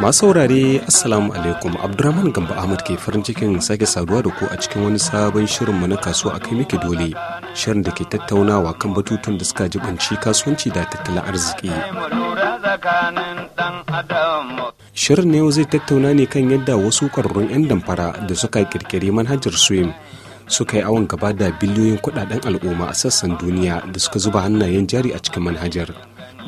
Masu saurare Assalamu alaikum Abdurrahman Gamba Ahmad ke farin cikin sake saduwa da ku a cikin wani sabon shirin na kasuwa a kai muke dole shirin da ke tattaunawa kan batutun da suka jibanci kasuwanci da tattalin arziki. Shirin ne yau zai tattauna ne kan yadda wasu ƙwararrun 'yan damfara da suka kirkiri manhajar swim suka yi awon gaba da biliyoyin kudaden al'umma a sassan duniya da suka zuba hannayen jari a cikin manhajar.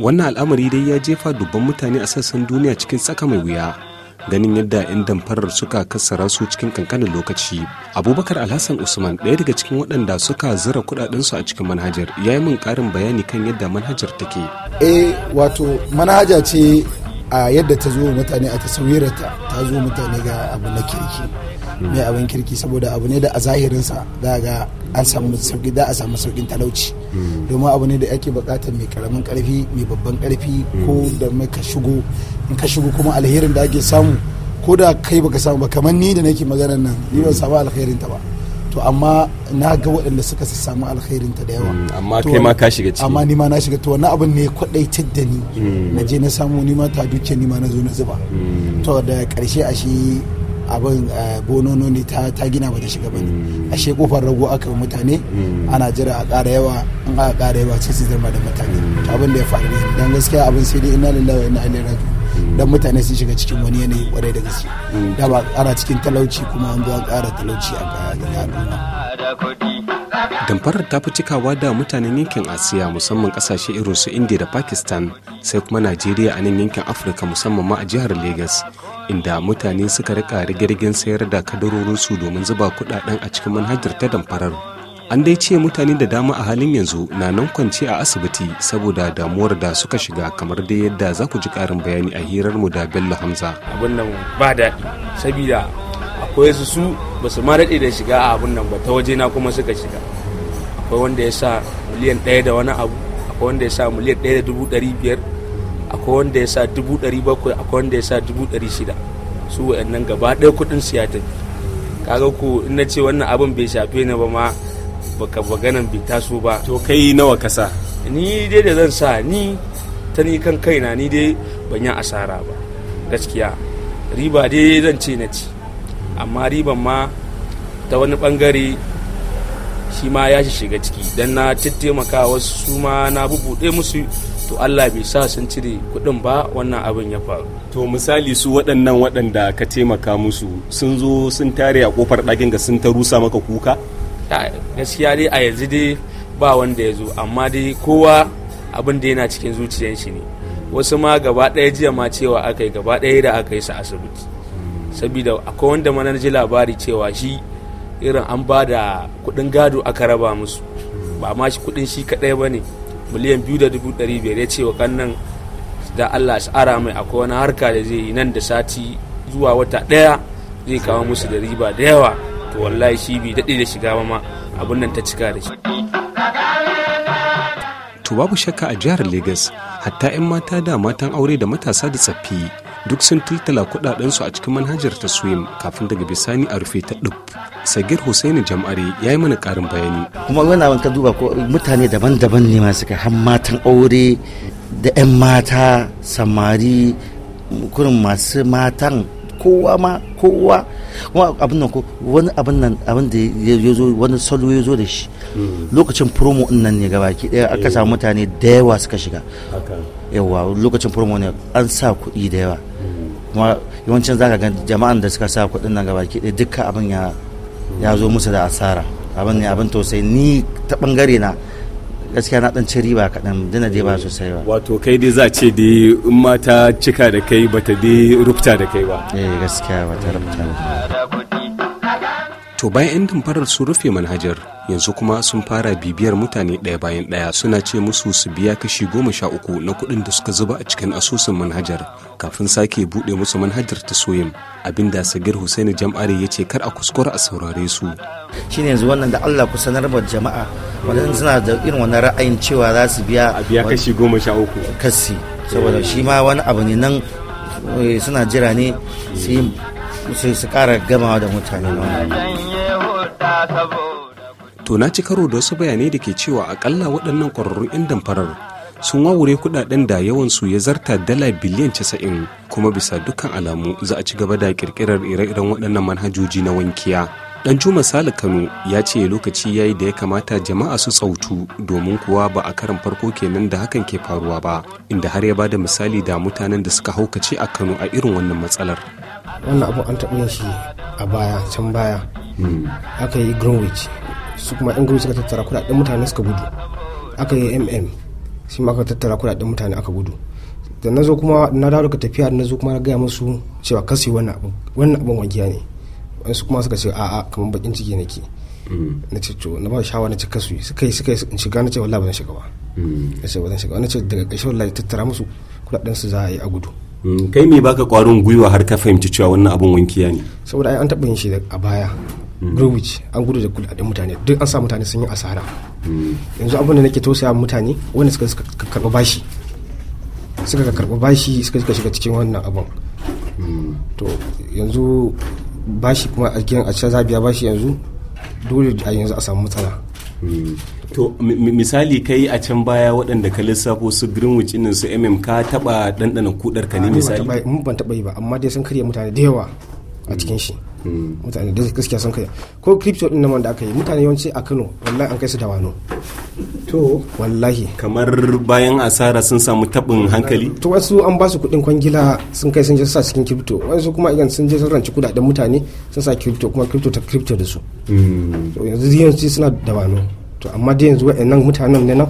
wannan al'amari dai ya jefa dubban mutane a sassan duniya cikin tsaka mai wuya ganin yadda 'yan damfarar suka kassara su cikin kankanin lokaci abubakar alhassan usman ɗaya daga cikin waɗanda suka zura kuɗaɗensu a cikin manhajar ya yi min ƙarin bayani kan yadda manhajar take eh wato manhaja ce a yadda ta zo mutane a tasawirarta ta zo mutane ga abu na kirki mai abin kirki saboda abu ne da a zahirinsa da ga an samu sauki da a samu saukin talauci domin abu ne da ake bukatar mai karamin karfi mai babban karfi ko da mai ka shigo in ka shigo kuma alherin da ake samu ko da kai baka samu ba kamar ni da nake maganar nan ni ban samu alherin ta ba to amma na ga waɗanda suka samu alkhairin ta da yawa mm, amma kai ma ka shiga ciki amma ni ma na shiga to wani abin ne kwadaitar da ni mm. na je na samu ni ma ta dukiya ni ma na zo na zuba mm. to da karshe ashe abin eh, bonono ne ta gina ba ta shiga ba a ashe kofar rago aka yi mutane ana jira a ƙara yawa in aka ƙara yawa sai su zama da mutane abin da ya faru ne dan gaskiya abin sai dai inna lillahi wa inna ilaihi raji'un dan mutane sun shiga cikin wani yanayi kwarai da gaske da ba kara cikin talauci kuma an zuwa kara talauci a da al'umma damfarar ta fi cikawa da mutanen yankin asiya musamman kasashe irin su india da pakistan sai kuma najeriya a nan yankin afirka musamman ma a jihar lagos inda mutane suka rika rigirgin sayar da kadarorinsu domin zuba kudaden a cikin manhajar ta damfarar an dai ce mutane da dama a halin yanzu na nan kwance a asibiti saboda damuwar da suka shiga kamar dai yadda za ku ji karin bayani a hirar mu da bello hamza abin nan ba daɗi sabida akwai su su ba su ma daɗe da shiga a abin nan ba ta waje na kuma suka shiga akwai wanda ya sa miliyan ɗaya da wani abu akwai wanda ya sa miliyan ɗaya da dubu ɗari biyar akwai wanda ya sa dubu ɗari bakwai akwai wanda ya sa dubu ɗari shida su wa'annan gaba ɗaya kuɗin siyatin kaga ko in na ce wannan abin bai shafe ni ba ma baka maganan bai taso ba to kai nawa ka sa ni dai da zan sa ni ta ni kan kaina ni dai ban yi asara ba gaskiya riba dai zan ce na ci amma riban ma ta wani bangare shi ma ya shiga ciki dan na taimaka wasu su ma na bubuɗe musu to Allah bai sa sun cire kuɗin ba wannan abin ya faru to misali su waɗannan waɗanda ka taimaka musu sun zo sun tare a kofar ɗakin ga sun ta rusa maka kuka gaskiya dai a yanzu dai ba wanda ya zo amma dai kowa abin da yana cikin zuciyar shi ne wasu ma gaba ɗaya jiya ma cewa aka yi gaba ɗaya da aka yi su asibiti saboda akwai wanda mana ji labari cewa shi irin an ba da kuɗin gado aka raba musu ba ma shi kuɗin shi kaɗai ba ne miliyan biyu da dubu ɗari biyar ya ce wa kannan da Allah su ara mai akwai wani harka da zai yi nan da sati zuwa wata ɗaya zai kawo musu da riba da yawa to wallahi shi bi daɗe da shiga ma abin nan ta cika da shi to babu shakka a jihar Legas hatta 'yan mata da matan aure da matasa da tsaffi duk sun kudaden su a cikin manhajar ta swim kafin daga bisani a rufe ta dub sagir hussaini jam'are ya yi mana karin bayani kuma wannan ka duba ko mutane daban-daban ne masu ka han matan aure da 'yan mata samari kurin masu matan kowa ma kowa abin nan ko wani abin nan abin da ya zo wani salo ya zo da shi hmm. lokacin promo din nan ne gabaki daya aka samu eh. mutane da yawa suka shiga yawa lokacin promo ne an sa kuɗi da yawa hmm. kuma yawancin zaka ga jama'an da suka sa kuɗin nan gabaki daya duka abin ya zo musu da asara abin ne abin tausayi ni ta bangare na gaskiya na dan ci riba kaɗan dina dai ba sosai ba wato kai dai za ce dai in mata cika da kai bata dai rubuta da kai ba eh gaskiya bata rubuta da kai to bayan 'yan damfarar su rufe manhajar yanzu kuma sun fara bibiyar mutane ɗaya bayan ɗaya suna ce musu su biya kashi goma sha uku na kuɗin da suka zuba a cikin asusun manhajar kafin sake buɗe musu manhajar ta soyin abinda sagir husaini jam'ari ya ce kar a kuskura a saurare su shine yanzu wannan da allah ku sanar ba jama'a wannan suna da irin wannan ra'ayin cewa za su biya a biya kashi goma sha uku kasi saboda shi ma wani abu ne nan eh, suna jira ne su sai su kara gamawa da mutane to na ci karo da wasu bayanai da ke cewa akalla waɗannan ƙwararrun 'yan damfarar sun wawure kuɗaɗen da yawansu ya zarta dala biliyan casa'in kuma bisa dukkan alamu za a ci gaba da kirkirar ire-iren waɗannan manhajoji na wankiya dan juma sale kano ya ce lokaci ya yi da ya kamata jama'a su tsautu domin kuwa ba a karan farko kenan da hakan ke faruwa ba inda har ya bada misali da mutanen da suka haukace a kano a irin wannan matsalar wannan abu an taɓa yin shi a baya can baya hmm. aka yi greenwich su kuma yan suka tattara kudaden mutane suka gudu aka yi mm shi ma aka tattara kudaden mutane aka gudu da na zo kuma na dawo daga tafiya na zo kuma na gaya musu cewa kasi wannan abin wannan abin wagiya ne wasu kuma suka ce a'a kamar bakin ciki nake hmm. na ce to na ba shawara na ce kasu suka yi suka yi in shiga na ce wallahi ba zan shiga ba hmm. na ce ba zan shiga na ce daga ƙarshe wallahi tattara musu kudaden su za a yi a gudu Mm, kai me baka kwarin gwiwa har ka fahimci cewa wannan abun wankiya ne saboda ai an taba yin shi a baya Greenwich mm. an gudu da kula da mutane duk an sa mutane sun yi asara mm. yanzu abin da nake tausaya mutane wanda suka karɓi bashi suka karɓi bashi suka shiga cikin wannan abun to yanzu bashi kuma a cikin a cikin zabiya bashi yanzu dole a yanzu a samu matsala to misali kai a can baya waɗanda ka lissafo su greenwich inin su mm ka taɓa ɗanɗana kudar ka ne misali ban taɓa yi ba amma dai sun karya mutane da yawa a hmm. cikin shi hmm. mutane da gaskiya sun karya ko crypto din nan da aka yi mutane yawanci a Kano wallahi an kai su dawano to wallahi kamar bayan asara sun samu tabin hankali to wasu an ba su kuɗin kwangila sun kai sun je sa cikin crypto wasu kuma idan sun je sun ranci kudaden mutane sun sa crypto kuma crypto ta crypto da su hmm. yanzu yanzu suna dawano to amma dai yanzu waɗannan mutanen ne nan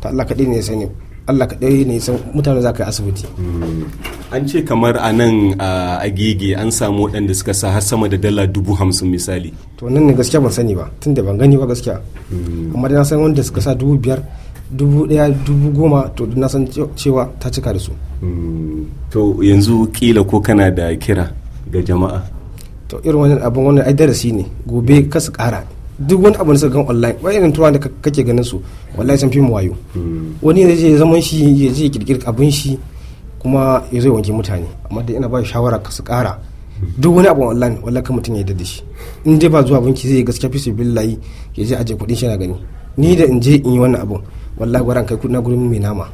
ta Allah kaɗai ne sani Allah kaɗai ne san mutane za ka yi asibiti. An ce kamar a nan a gege an samu waɗanda suka sa har sama da dala dubu hamsin misali. To nan ne gaskiya ban sani ba tun da ban gani ba gaskiya. Hmm. Amma dai na san wanda suka sa dubu biyar dubu ɗaya dubu goma to na san cewa ta cika da su. Hmm. To yanzu kila ko kana da kira ga jama'a. To irin wannan abin wannan ai darasi ne gobe kasu ƙara duk wani abu da suka gan online wani irin turawa da kake ganin su wallahi sun fi mu wayo wani ya je zaman shi ya je kirkir abin shi kuma ya zo wanke mutane amma da ina ba shawara ka su kara duk wani abu online wallahi kan mutum ya yadda da shi in dai ba zuwa banki zai gaskiya fi su billahi ya je aje kuɗin shi na gani ni da in je in yi wannan abun wallahi gwaran kai kuɗina gurin mai nama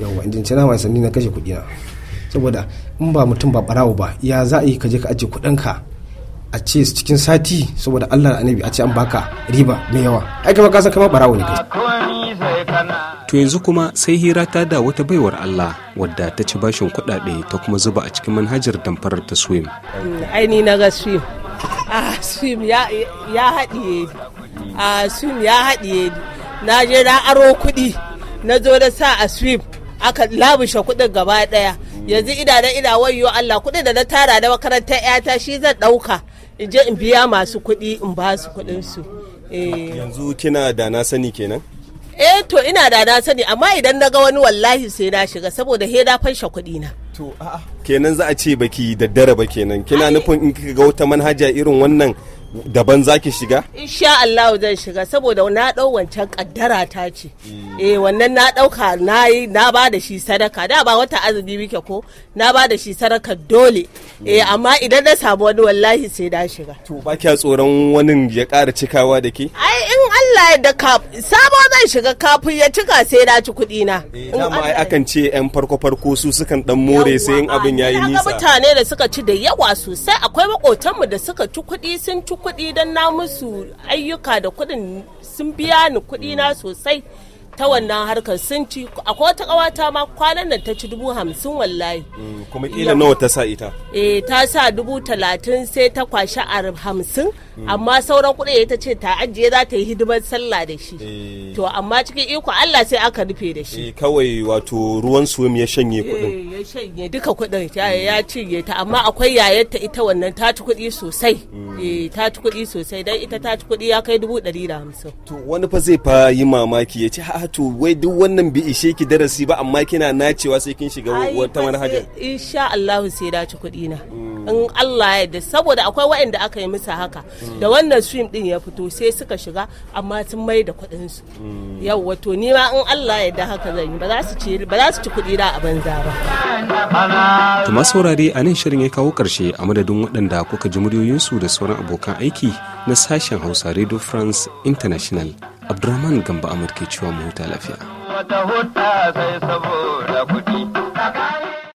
yawa in jinci nama sanni na kashe kuɗina saboda in ba mutum ba barawo ba ya za a yi ka je ka aje ka a ce cikin sati saboda Allah da annabi a ce an baka riba mai yawa ai ma ka san kamar barawo ne to yanzu kuma sai hira ta da wata baiwar Allah wadda ta ci bashin kuɗaɗe ta kuma zuba a cikin manhajar damfarar ta swim ai ni na ga swim ah, a ah, swim ya haɗiye a swim ya haɗiye na je na aro kuɗi na zo da sa a swim aka labushe kuɗin gaba ɗaya yanzu ina da ina wayo Allah kuɗin da na tara da makarantar 'yata shi zan ɗauka in je in biya masu kuɗi in ba su kuɗin su eh. yanzu kina da na sani kenan eh to ina da na sani amma idan na ga wani wallahi sai na shiga saboda he da fansha kuɗi na to a'a kenan za a ce baki daddare ba kenan kina nufin in kika ga wata manhaja irin wannan daban zaki shiga? Insha Allah zan shiga saboda na ɗau wancan kaddara ta ce. Mm. Eh wannan na ɗauka na yi na ba da shi sadaka da ba wata azumi muke ko na ba da shi sadaka dole. Mm. Eh amma idan na samu wani wallahi sai da shiga. To ba kya tsoron wani ya kara cikawa da ke? Ai in Allah da sabo zan shiga kafin ya cika sai na ci kuɗi na. Eh, dama ai akan ce yan farko farko su sukan dan more sai in abin yayi nisa. mutane da suka ci da yawa sosai akwai makotanmu da suka ci kuɗi sun ci kuɗi don na musu ayyuka da kuɗin sun biya ni kuɗi na sosai. ta wannan harkar sun ci akwai wata kawata ma kwanan nan ta ci dubu hamsin wallahi mm, kuma kila nawa ta sa ita eh ta sa dubu talatin sai ta kwashi a hamsin mm. amma sauran kuɗi ta ce ta ajiye za ta yi hidimar sallah da shi eh. to amma cikin iko Allah sai aka rufe da shi eh, kawai wato ruwan suwim ya shanye kuɗin eh, ya shanye duka kuɗin ya cinye ta amma akwai yayarta ita wannan ta ci kuɗi sosai mm. eh ta ci kuɗi sosai dan ita ta ci kuɗi ya kai dubu ɗari da hamsin to wani fa zai fa yi mamaki ya ce ha a to wai duk wannan bi ishe ki darasi ba amma kina nacewa sai kin shiga wata manhaja insha Allah sai dace kuɗi na in Allah ya yarda saboda akwai waɗanda aka yi musu haka da wannan swim din ya fito sai suka shiga amma sun mai da kuɗin su mm. yau wato ni ma in Allah ya yarda haka zan yi ba za su ci ba za su ci kuɗi na a banza ba to masu a nan shirin ya kawo karshe a madadin waɗanda kuka ji muryoyinsu da sauran abokan aiki na sashen Hausa Radio France International abdurrahman gamba amurka ke cewa mu huta lafiya huta sai saboda